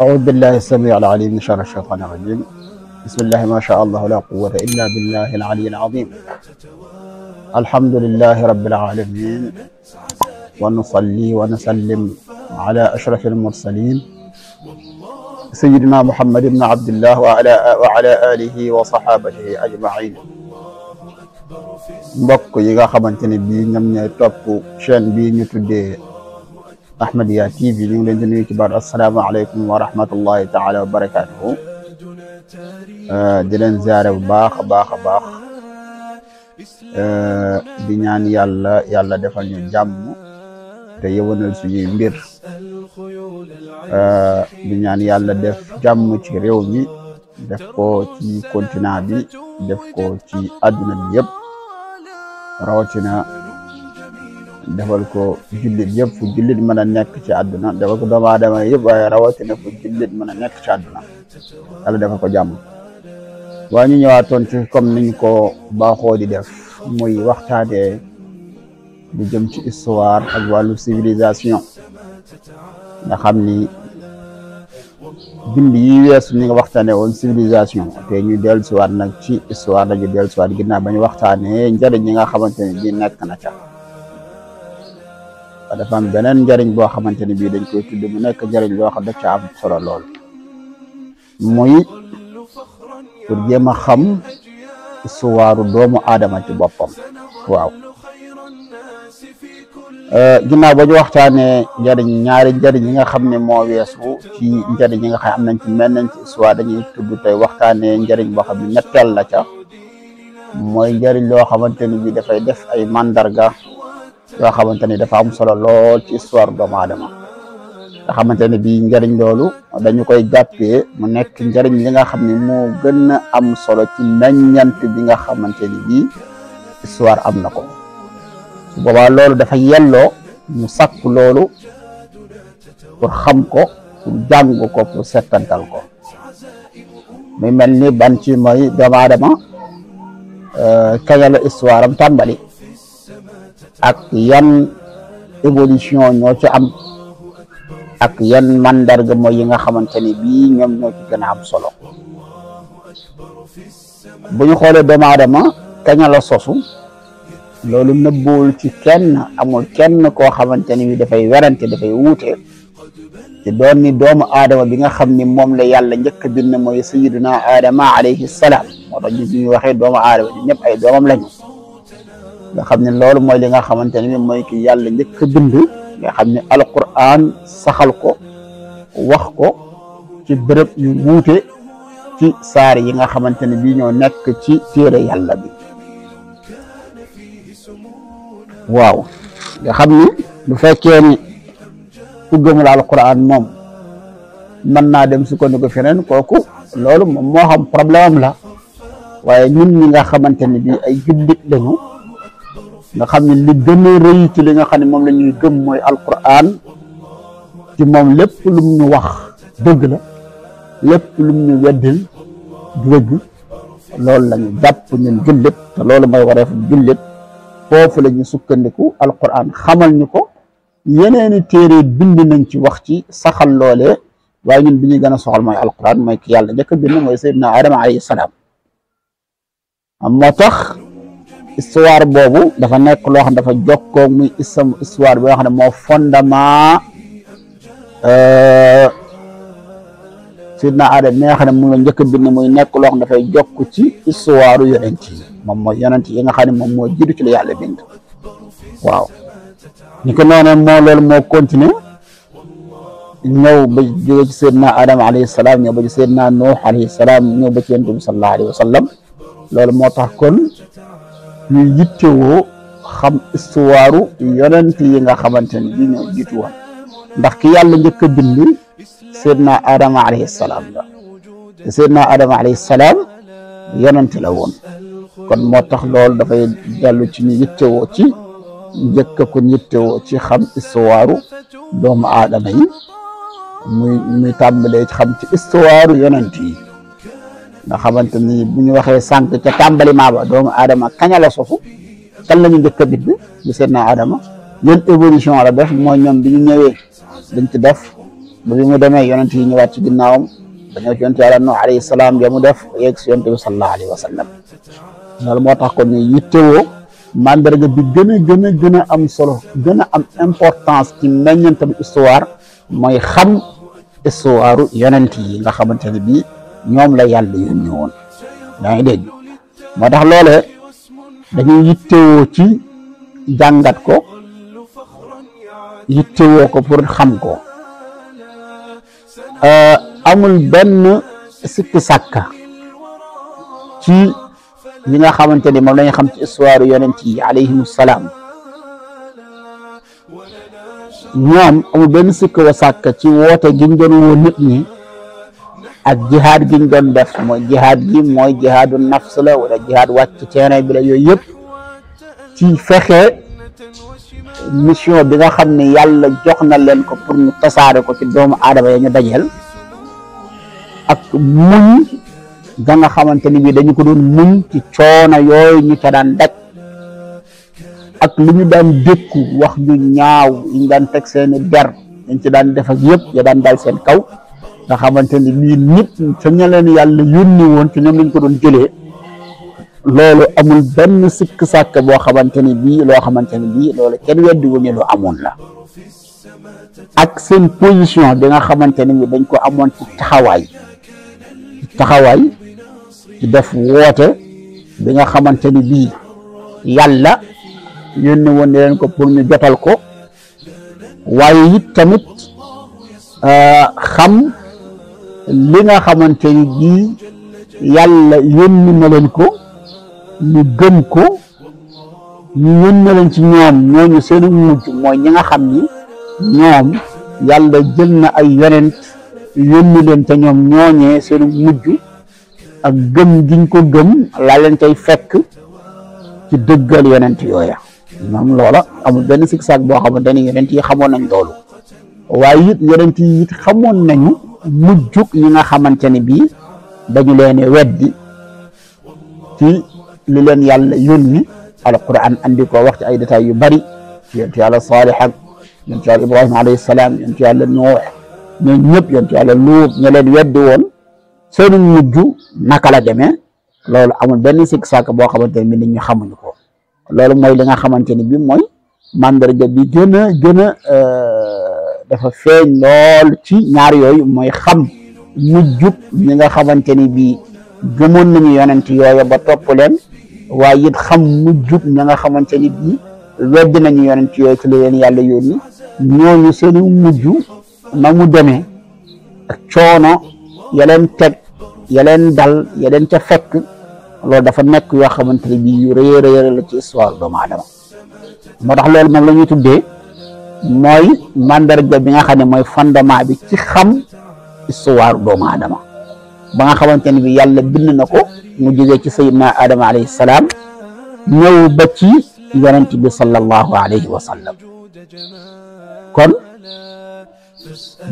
أعوذ بالله السميع العليم من شر الشيطان الرجيم بسم الله ما شاء الله لا قوة إلا بالله العلي العظيم الحمد لله رب العالمين ونصلي ونسلم على أشرف المرسلين سيدنا محمد بن عبد الله وعلى وعلى آله وصحابته أجمعين mbokk yi خبنتني xamantene bi ñom ñoy top احمد ياتي bi ñu ngi leen di nuyu ci baatu asalaamaaleykum wa rahmatullahi taala wa barakaatuhu di leen ziare bu baax a baax a baax di ñaan yàlla yàlla defal ñu jàmm te yëwanal suñuy mbir di ñaan yàlla def jàmm ci réew mi def ko ci continent bi def ko ci àdduna bi yëpp rawatina. defal ko jullit yëpp fu jullit mën a nekk ci àdduna defal ko doomu aadama yëpp waaye rawatina fu jullit mën a nekk ci àdduna yàlla defal ko jàmm waa ñu ñëwaatoon ci comme niñ ko baaxoo di def muy waxtaanee lu jëm ci histoire ak wàllu civilisation nga xam ni bind yi weesu ni nga waxtaanee woon civilisation te ñu dellusiwaat nag ci histoire dañu dellusiwaat ginnaaw ba ñu waxtaanee njëriñ ñi nga xamante ne bii nekk na ca. beneen njariñ boo xamante ni bii dañ koy tudd mu nekk njariñ loo xam daf ca am solo lool muy pour a xam suwaaru doomu aadama ci boppam waaw euh, ginnaaw ba ñu njariñ ñaari njariñ yi nga xam ne moo weesu ci njariñ yi nga xam nañ ci mel nañ dañuy tey waxtaanee njariñ boo xam ñetteel la ca mooy njariñ loo xamante ni bii dafay def ay mandarga yoo xamante ni dafa am solo lool ci histoire doomu aadama nga xamante ne bii njëriñ loolu dañu koy jàppee mu nekk njëriñ li nga xam ni moo gën a am solo ci meññant bi nga xamante ni bii histoire am na ko su boobaa loolu dafa yelloo mu sàkk loolu pour xam ko pour jàng ko pour settantal ko muy mel ni ban ci mooy doomu aadama euh, kaña la histoire am tàmbali ak yan évolution ñoo ci am ak yan mandarga mooy yi nga xamante ni bii ñoom ñoo am solo boo ñu xoolee doomu aadama kañ la sosu loolu nëbbuwul ci kenn amul kenn koo xamante ni dafay werante dafay wuute te ni doomu aadama bi nga xam ni moom la yàlla njëkk a bind mooy sayiduna aadama alayhi salaam moo tax ñu ñuy waxee doomu aadama ñëpp ay doomam lañu nga xam ne loolu mooy li nga xamante ne mooy ki yàlla njëkk a nga xam ne alquran saxal ko wax ko ci bërëb yu wuute ci saare yi nga xamante ni bii ñoo nekk ci téere yàlla bi waaw nga xam ni bu fekkee ni ku gëmul alquran moom mën naa dem sukkandiku feneen kooku loolu moom moo xam problème la waaye ñun ñi nga xamante ne bii ay jullit lañu nga xam ne li gën ci li nga xam ne moom la ñuy gëm mooy alquran ci moom lépp lu mu ñu wax dëgg la lépp lu mu ñu weddil du dëgg loolu la ñu jàpp ñun jullit te loolu mooy wareefu jullit foofu la ñu sukkandiku alquran xamal ñu ko yeneeni téere bind nañ ci wax ci saxal loolee waaye ñun bi ñuy gën a soxal mooy alquran mooy ki yàlla njëkk a bind mooy sayyidina Adama alayhi salaam moo tax histoire boobu dafa nekk loo xam dafa jokkoo muy isam histoire bi nga xam ne moo fondement euh, sidna Adam mi nga xam ne moom la njëkk a bind muy nekk loo xam dafay jokk ci histoire yonent yi moom mooy yonent yi nga xam ne moom moo jiitu ci la yàlla bind waaw ni ko noonee moo loolu moo continuer ñëw ba jóge ci seydna adam alayhi salaam ñëw ba ci seydna nuux alayhi salaam ñëw ba ci yonent bi alayhi wa sallam moo tax kon ñu yittewoo xam istuwaaru yonent yi nga xamante ni bi ñoo jiitu woon ki yàlla njëkk a bind seydna adama alayhi salaam la adama alayhi salaam la woon kon moo tax loolu dafay dellu ci ñu yittewoo ci njëkk ko yittewoo ci xam istuwaaru doomu aadama yi muy muy tàmbalee ci xam ci istuwaaru nga xamante ni bu ñu waxee sànq ca tàmbalima ba doomu aadama kañ la sofu kan la ñu njëkk a bind bi seen naa aadama yan évolution la def mooy ñoom bi ñu ñëwee dañ ci def ba bi mu demee yonent yi ñëwaat ci ginnaawam ba ñëw ci yonent yàlla Nuux alayhi salaam ya mu def yegg si yonent bi sallallahu alayhi wa sallam loolu moo tax ko ñu yittewoo mandarga bi gën a gën a gën am solo gën a am importance ci meññantam histoire mooy xam histoire yonent yi nga xamante ne bii ñoom la yàlla yónni woon daa ngi dégg moo tax loolee dañuy yittewoo ci jàngat ko yittewoo ko pour xam ko euh, amul benn sikki sàkka ci ñi nga xamante ni moom lañu xam ci histoire yonent yi alayhimu salaam ñoom amul benn sikki wa sàkka ci woote gi woo nit ñi ak jihaad giñ doon def mooy jihaad gi mooy jihaadu nafs la wala jihaad wàcc terrain bi la yooyu yëpp ci fexe mission bi nga xam ne yàlla jox na leen ko pour ñu tasaare ko ci doomu aadama ya ñu dajeel ak muñ ga nga xamante ni bii dañu ko doon muñ ci coono yooyu ñu ca daan daj ak lu ñu daan dékku wax ñu ñaaw ñu daan teg seeni der dañ ci daan def ak yëpp ya daan dal seen kaw nga xamante ni lii nit sa ña leen yàlla yónni woon ci ñoom lañ ko doon jële loolu amul benn sikk sàkk boo xamante ni bii loo xamante ni bii loolu kenn weddi wu lu amoon la ak seen position bi nga xamante ni bañ dañ ko amoon ci taxawaay taxawaay ci def woote bi nga xamante ni bii yàlla yónni woon ne leen ko pour ñu jotal ko waaye it tamit euh, xam li nga xamante ni bii yàlla yónni na leen ko ñu gëm ko ñu yónni leen ci ñoom ñooñu seen mujj mooy ñi nga xam ni ñoom yàlla jël na ay yonent yónni leen te ñoom ñooñee seen mujj ak gëm giñ ko gëm laa leen tey fekk ci dëggal yonent yooya moom loola amul benn sikk saak boo xamante ni yonent yi xamoon nañ loolu waaye it yonent yi xamoon nañu mujjug ñi nga xamante ne bii dañu leen weddi ci lu leen yàlla yónni alquran andi ko wax ci ay détails yu bari ci yonent yàlla Saalix ak yonent yàlla Ibrahima alayhi salaam yonent yàlla Nuux ñëpp yonent yàlla Luut ña leen weddi woon seenu mujj naka la demee loolu amul benn sikk sàkk boo xamante ne bii nit ñi xamuñu ko loolu mooy li nga xamante ne bii mooy mandarga bi gën a euh, dafa feeñ lool ci ñaar yooyu mooy xam mujjub ñi nga xamante ni bii gëmoon nañu yonent yooyu ba topp leen waaye it xam mujjub ñi nga xamante ni bii weddi nañu yonent yooyu ci la leen yàlla yónni ñooñu seeni mujj na mu demee ak coono ya teg ya dal ya leen ca fekk loolu dafa nekk yoo xamante ne bii yu rëy a la ci histoire doomu aadama moo tax loolu moom la ñuy tuddee mooy mandarga bi nga xam ne mooy fondement bi ci xam histoire doomu aadama ba xamante ne bi yàlla bind na ko mu jógee ci sayyidna Adama alayhi salaam ñëw ba ci yonent bi sallallahu alayhi wa sallam kon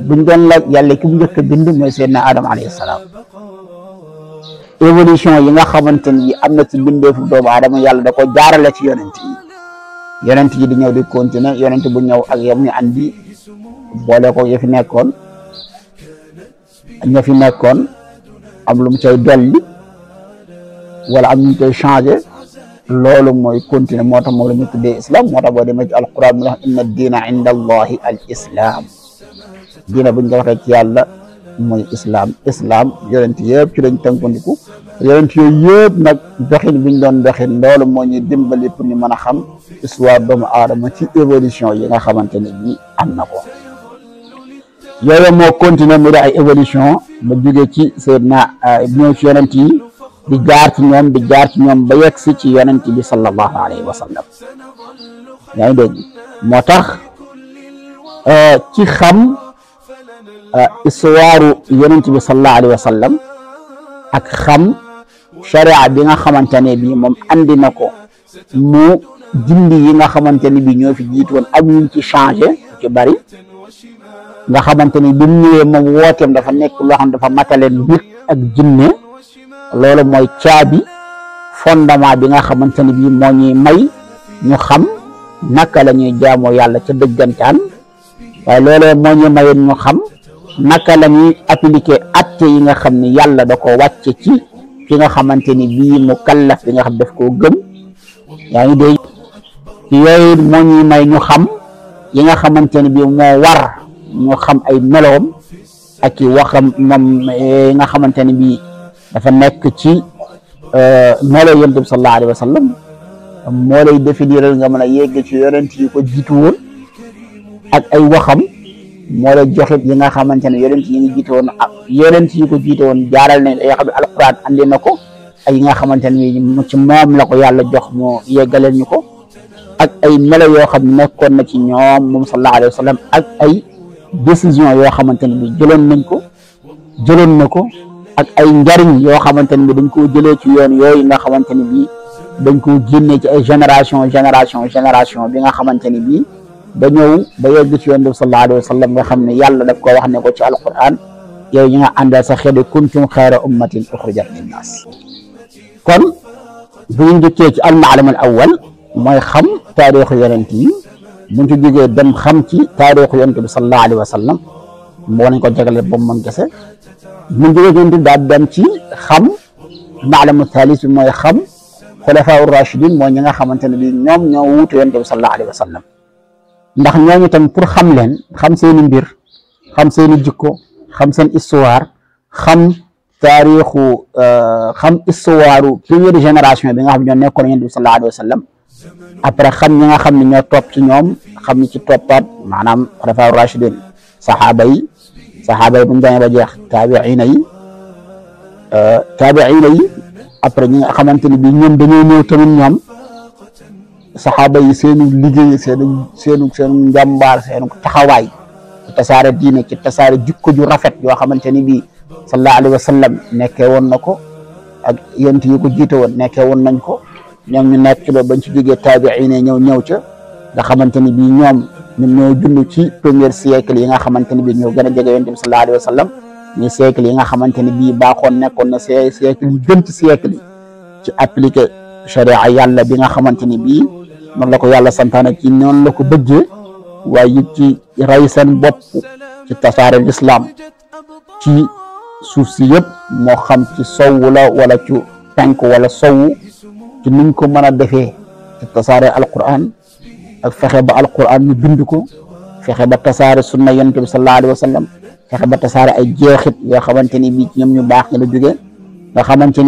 buñ doon laaj yàlla ki mu njëkk a bind mooy alayhi salaam évolution yi nga xamante ne bi am na ci bindeefu doomu aadama yàlla da ko jaarale ci yonent yi yonent yi di ñëw di continuer yonent bu ñëw ak yam ñu andi boole ko ya fi nekkoon ña fi nekkoon am lu mu cay dolli wala am ñu koy changé loolu mooy continuer moo tax moom la ñu tuddee islam moo tax boo demee ci alquran mu wax inna diina inda allahi al islam diina buñ ko waxee ci yàlla mooy islam islam yonent yëpp ci lañ tënkandiku yonent yooyu yëpp nag doxin bi doon doxin loolu moo ñuy dimbali pour ñu mën a xam histoire doomu aadama ci évolution yi nga xamante ne bii am na yooyu moo continuer mu di ay évolution ma jóge ci Seydina euh, ñëw ci yonent yi di jaar ci ñoom di jaar ci ñoom ba yegg si ci yonent bi sallallahu alayhi wa sallam yaa moo tax euh, ci xam euh, histoire yonent bi sallallahu alayhi wa ak xam sharia bi nga xamante ne bii moom andi na ko mu dindi yi nga xamante ne bii ñoo fi jiitu woon ak ñu ci changé bari nga xamante ni bi mu ñëwee moom wooteem dafa nekk loo xam dafa matale nit ak jinne loolu mooy caabi fondement bi nga xamante ne bii moo ñuy may ñu xam naka la ñuy jaamoo yàlla ca dëggantaan waaye loolee moo ñu mayoon ñu xam naka la ñuy appliquer yi nga xam ni yàlla da ko wàcce ci ki nga xamante ni bii mu kallaf bi nga xam daf ko gëm yaa ngi dégg yooyu moo may ñu xam yi nga xamante ni bii moo war ñu xam ay meloom aki waxam moom yi eh, nga xamante ni bii dafa nekk ci eh, melo yonent bi sallallahu alayhi wa sallam moo nga mën a ci yonent yi ko jiitu woon ak ay waxam moo la joxit yi nga xamante ne yonent yi ñu jiite woon ak yonent yi ko jiite woon jaaral nañ ay xam ne alxuraan andi na ko ak yi nga xamante ne bii ci moom la ko yàlla jox moo yeggaleen ñu ko ak ay melo yoo xam ne nekkoon na ci ñoom moom sallallahu alayhi wa ak ay décision yoo xamante ne bii jëloon nañ ko jëloon na ko ak ay njariñ yoo xamante ne bii dañ koo jëlee ci yoon yi nga xamante ne bii dañ koo génnee ci ay génération génération génération bi nga xamante ne bii. ba ñëw ba yegg ci yoon bi sallallahu alayhi wa sallam nga xam ne yàlla daf ko wax ne ko ci alquran yow ñi nga àndal sa xede kuntum xayra ummatin uxrijat linnaas kon bu ñu njëkkee ci almaalam al awal mooy xam taarixu yonent yi buñ ci jógee dem xam ci taarixu yonent bi sallallahu alayhi wa sallam moo nañ ko jagale ba mu mën kese buñ jógee yonent bi daal dem ci xam maalamu thalis bi mooy xam xulafaa rachidin mooy ñi nga xamante ne bi ñoom ñoo wuute yonent bi sallallahu alayhi wa sallam ndax ñooñu tam pour xam leen xam seeni mbir xam seeni jikko xam seen histoire xam taarixu euh, xam histoire première génération bi xam ñoo nekkoon yonent bi sallallahu alayhi wa sallam après xam ñi nga xam ne ñoo top ci ñoom xam ñi ci toppaat maanaam xulafa rachidin saxaaba yi saxaaba yi bu ñu demee ba jeex taabiina yi euh, taabiina yi après ñi nga xamante ni bi ñoom dañoo ñëw tamit ñoom saxaaba yi seenu liggéey seenu seenu seenu njàmbaar seenu taxawaay ci tasaare diine ci tasaare jikko ju rafet yoo xamante ni bii sallallahu alayhi wa sallam nekkee woon na ko ak yonent yi ko jiite woon nekkee woon nañ ko ñoom ñu nekk ci ba bañ ci jógee taabiin ñëw ñëw ca nga xamante ni bii ñoom ñun ñoo dund ci premier siècle yi nga xamante ni bii ñoo gën a jege yonent bi sallallahu alayhi wa sallam ñu siècle yi nga xamante ni bii baaxoon nekkoon na siècle yi gën ci siècle ci appliqué charia yàlla bi nga xamante ni bii noonu la ko yàlla santaane ci noonu la ko bëggee waaye ci rey seen bopp ci tasaare lislaam ci suuf si yëpp moo xam ci sowu la wala ci penk wala sowu ci nuñ ko mën a defee ci tasaare alquran ak fexe ba alquran ñu bind ko fexe ba tasaare sunna yonent bi sallallahu alayhi wa sallam fexe ba tasaare ay jeexit yoo xamante ni bii ci ñoom ñu baax ñi la jógee nga xamante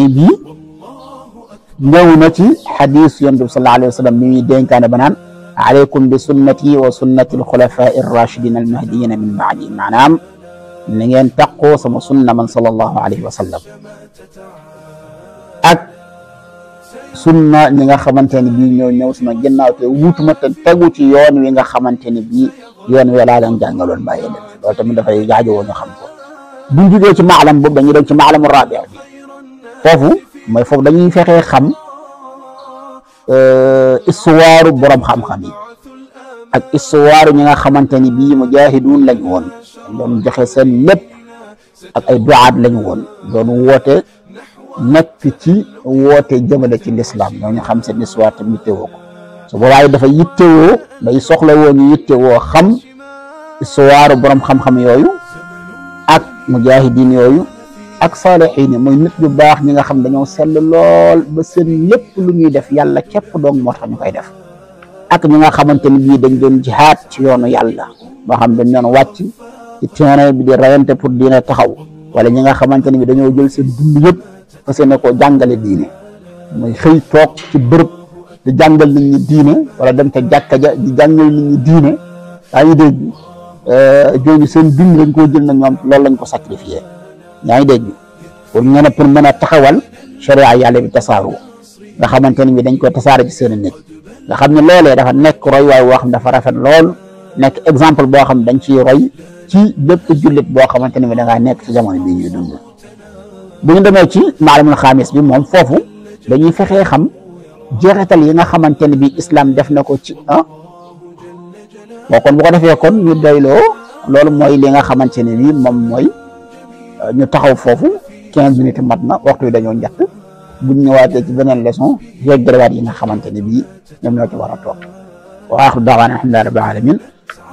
ñëw na ci xadis yonent bi sallallahu alayhi wa sallam mi ñuy dénkaane ba naan aleykum bi sunnati wa sunnati alxulafaai arrachidina almahdiyina min baadi maanaam na ngeen taqoo sama sunna man sallallahu alayhi wa sallam ak sunna ñi nga xamante ne bii ñoo ñëw sama ginnaaw te wuutuma te tegu ci yoon wi nga xamante ne bii yoon wi laa leen jàngaloon bàyyi leen loolu tamit dafay jaajowoo ñu xam ko buñ jugee ci maalam boobu dañuy dem ci maalamu rabia bi foofu mooy foofu dañuy fexe xam euh, istuwaaru borom xam-xam yi ak istuwaaru ñi nga xamante ni bii mujaahiduun lañ woon doon joxe seen lépp ak ay duaat lañ woon doon woote nekk ci woote jëmale ci lislaam ñooñu xam seen histoire te yittewoo ko su boobaa dafa yittewoo day soxla woo ñu yittewoo xam istuwaaru borom xam-xam yooyu ak mujaahidiin yooyu ak saalihiin mooy nit ñu baax ñi nga xam dañoo sell lool ba seen lépp lu ñuy def yàlla képp doom moo tax ñu koy def ak ñi nga xamante ni bii dañ doon jihaad ci yoonu yàlla moo xam dañ doon wàcc ci terrain bi di rayante pour diine taxaw wala ñi nga xamante ni bi dañoo jël seen dund yëpp fas yéene koo jàngale diine mooy xëy toog ci bërëb di jàngal nit ñi diine wala dem te jàkka ja di jàngal nit ñi diine daa ngi dégg eh, jooju seen dund lañ koo jël na ñoom loolu lañ ko sacrifié yaa ngi dégg pour mën a pour mën a taxawal sharia yàlla bi tasaaroo nga xamante ne bi dañ koy tasaare bi seen nit nga xam ne loolee dafa nekk roy waay boo xam dafa rafet lool nekk exemple boo xam dañ ciy roy ci bépp jullit boo xamante ne bi da nekk ci jamono bii ñuy bu ñu demee ci maalamul xaamis bi moom foofu dañuy fexee xam jeexital yi nga xamante ne bi islam def na ko ci ah boo kon bu ko defee kon ñu doyloo loolu mooy li nga xamante ne bi moom mooy ñu taxaw foofu quinze minutes mat na waxtu yi dañoo njëkk buñ ñëwaatee ci beneen leçon yeggalewaat yi nga xamante ne bii ñoom ñoo ci wax a toog wa aaxiru da'waanaa alhamdulillahi rabbil aalamiin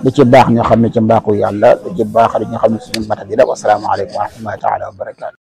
da ci baax ñoo xam ne ci mbaaxu yàlla da ci baax ñoo xam ne suñu matadi la wa salaamu aleykum wa rahmatullahi taala wa